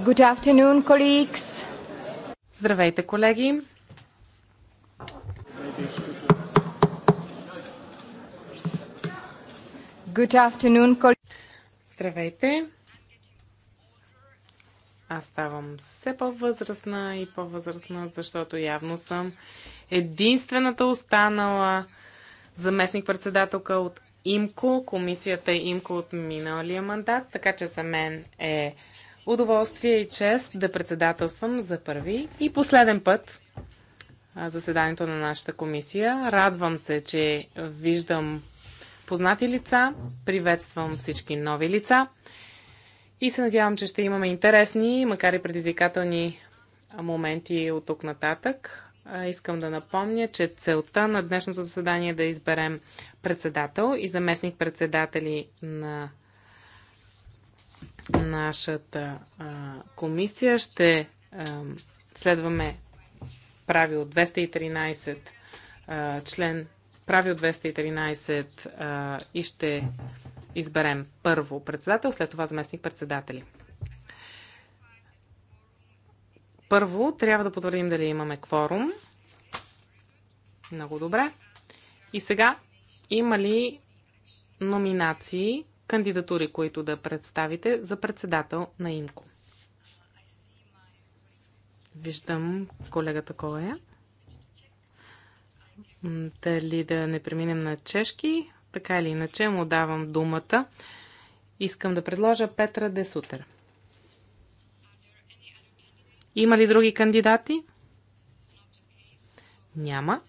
Good afternoon, colleagues. Здравейте, колеги. Good afternoon, colleagues. Здравейте. Аз ставам все по-възрастна и по-възрастна, защото явно съм единствената останала заместник-председателка от ИМКО, комисията ИМКО от миналия мандат, така че за мен е удоволствие и чест да председателствам за първи и последен път заседанието на нашата комисия. Радвам се, че виждам познати лица, приветствам всички нови лица и се надявам, че ще имаме интересни, макар и предизвикателни моменти от тук нататък. Искам да напомня, че целта на днешното заседание е да изберем председател и заместник председатели на нашата а, комисия. Ще а, следваме правило 213, а, член правило 213 а, и ще изберем първо председател, след това заместник председатели. Първо трябва да потвърдим дали имаме кворум. Много добре. И сега има ли номинации кандидатури, които да представите за председател на ИМКО. Виждам колегата Колея. Дали да не преминем на чешки, така или иначе му давам думата. Искам да предложа Петра Десутер. Има ли други кандидати? Няма.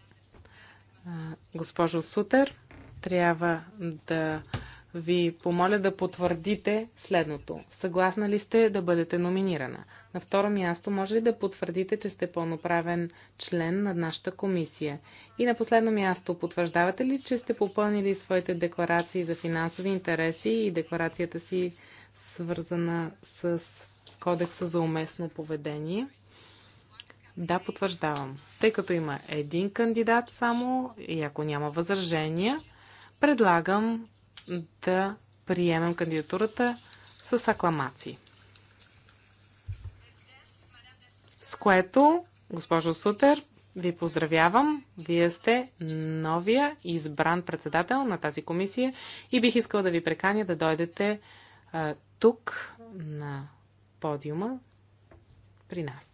Госпожо Сутер, трябва да ви помоля да потвърдите следното. Съгласна ли сте да бъдете номинирана? На второ място, може ли да потвърдите, че сте пълноправен член на нашата комисия? И на последно място, потвърждавате ли, че сте попълнили своите декларации за финансови интереси и декларацията си свързана с кодекса за уместно поведение? Да, потвърждавам. Тъй като има един кандидат само и ако няма възражения, предлагам да приемем кандидатурата с акламации. С което, госпожо Сутер, ви поздравявам. Вие сте новия избран председател на тази комисия и бих искала да ви преканя да дойдете а, тук на подиума при нас.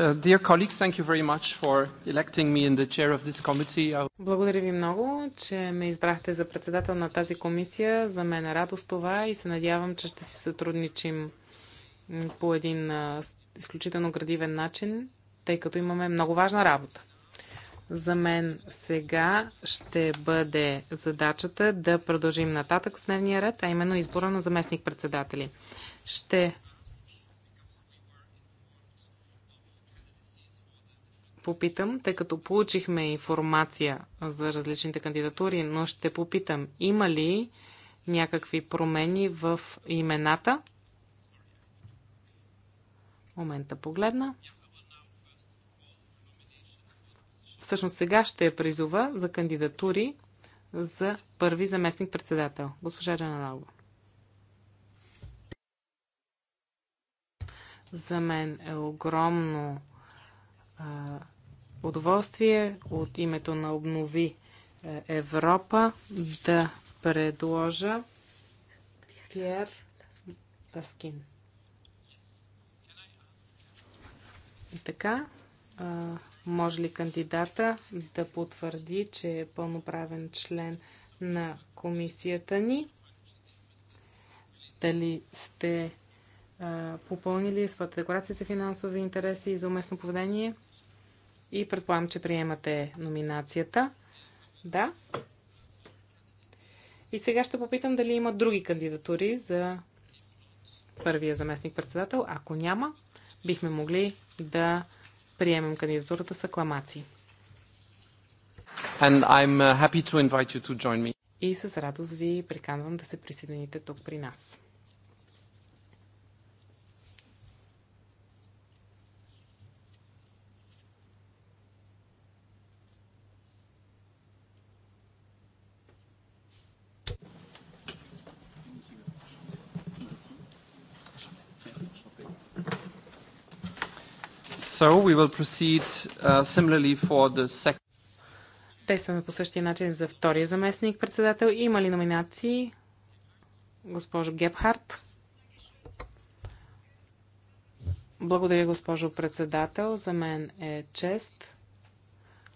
Uh, dear colleagues, thank you very much for electing me in the chair of this committee. Благодаря ви много, че ме избрахте за председател на тази комисия. За мен е радост това и се надявам, че ще си сътрудничим по един изключително градивен начин, тъй като имаме много важна работа. За мен сега ще бъде задачата да продължим нататък с дневния ред, а именно избора на заместник-председатели. Ще попитам, тъй като получихме информация за различните кандидатури, но ще попитам, има ли някакви промени в имената? Момента погледна. Всъщност сега ще я призова за кандидатури за първи заместник-председател, госпожа Джаналалба. За мен е огромно удоволствие от името на Обнови е, Европа да предложа Пьер Паскин. И така, може ли кандидата да потвърди, че е пълноправен член на комисията ни? Дали сте попълнили своята декларация за финансови интереси и за уместно поведение? И предполагам, че приемате номинацията. Да. И сега ще попитам дали има други кандидатури за първия заместник-председател. Ако няма, бихме могли да приемем кандидатурата с акламации. And I'm uh, happy to invite you to join me. И с радост ви приканвам да се присъедините тук при нас. so we will proceed uh, similarly for the second. Действаме по същия начин за втория заместник председател. Има ли номинации? Госпожо Гепхарт. Благодаря, госпожо председател. За мен е чест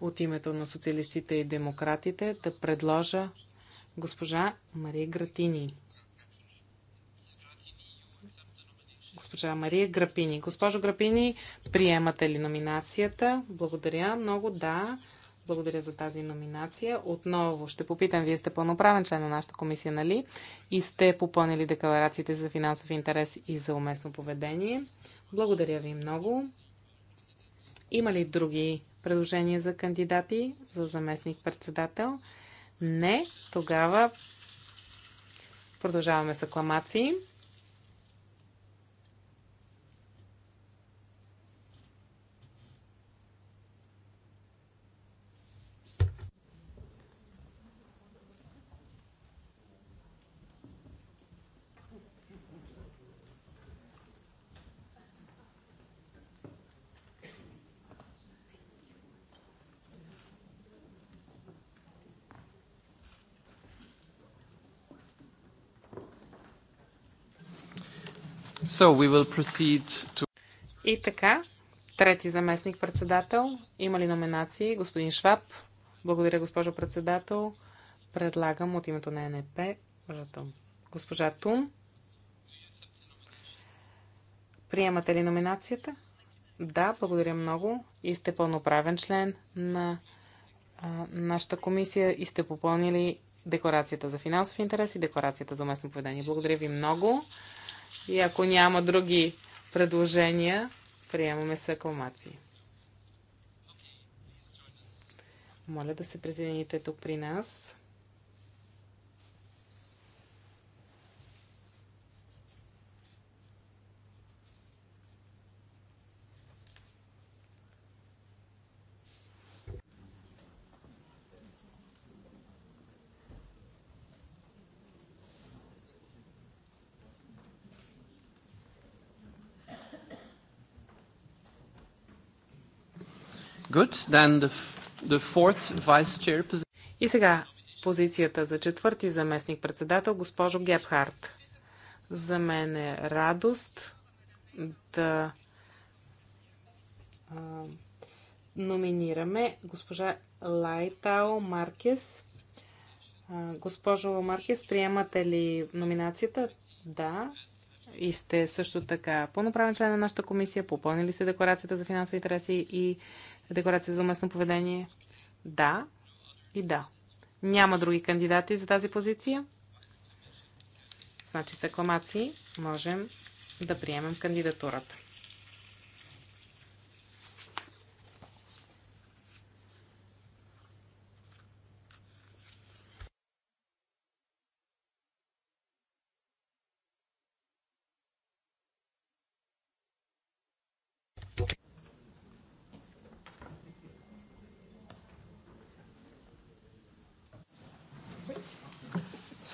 от името на социалистите и демократите да предложа госпожа Мария Гратини госпожа Мария Грапини. Госпожо Грапини, приемате ли номинацията? Благодаря много, да. Благодаря за тази номинация. Отново ще попитам, вие сте пълноправен член на нашата комисия, нали? И сте попълнили декларациите за финансов интерес и за уместно поведение. Благодаря ви много. Има ли други предложения за кандидати за заместник-председател? Не. Тогава продължаваме с акламации. И така, трети заместник председател. Има ли номинации? Господин Шваб. Благодаря, госпожо председател. Предлагам от името на НП госпожа Тун. Приемате ли номинацията? Да, благодаря много. И сте пълноправен член на а, нашата комисия и сте попълнили декларацията за финансови интерес и декларацията за уместно поведение. Благодаря ви много. И ако няма други предложения, приемаме с акламации. Моля да се присъедините тук при нас. Good. Then the, the fourth vice chair И сега позицията за четвърти заместник председател, госпожо Гепхарт. За мен е радост да а, номинираме госпожа Лайтао Маркес. госпожо Маркес, приемате ли номинацията? Да. И сте също така пълноправен член на нашата комисия, попълнили сте декларацията за финансови интереси и декларация за уместно поведение? Да и да. Няма други кандидати за тази позиция. Значи с акламации можем да приемем кандидатурата.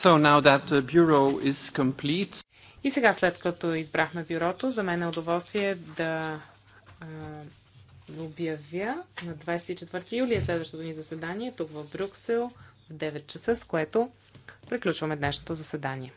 So now that the uh, bureau is complete. И сега, след като избрахме бюрото, за мен е удоволствие да а, обявя на 24 юли е следващото ни заседание тук в Брюксел в 9 часа, с което приключваме днешното заседание.